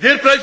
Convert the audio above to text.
Dear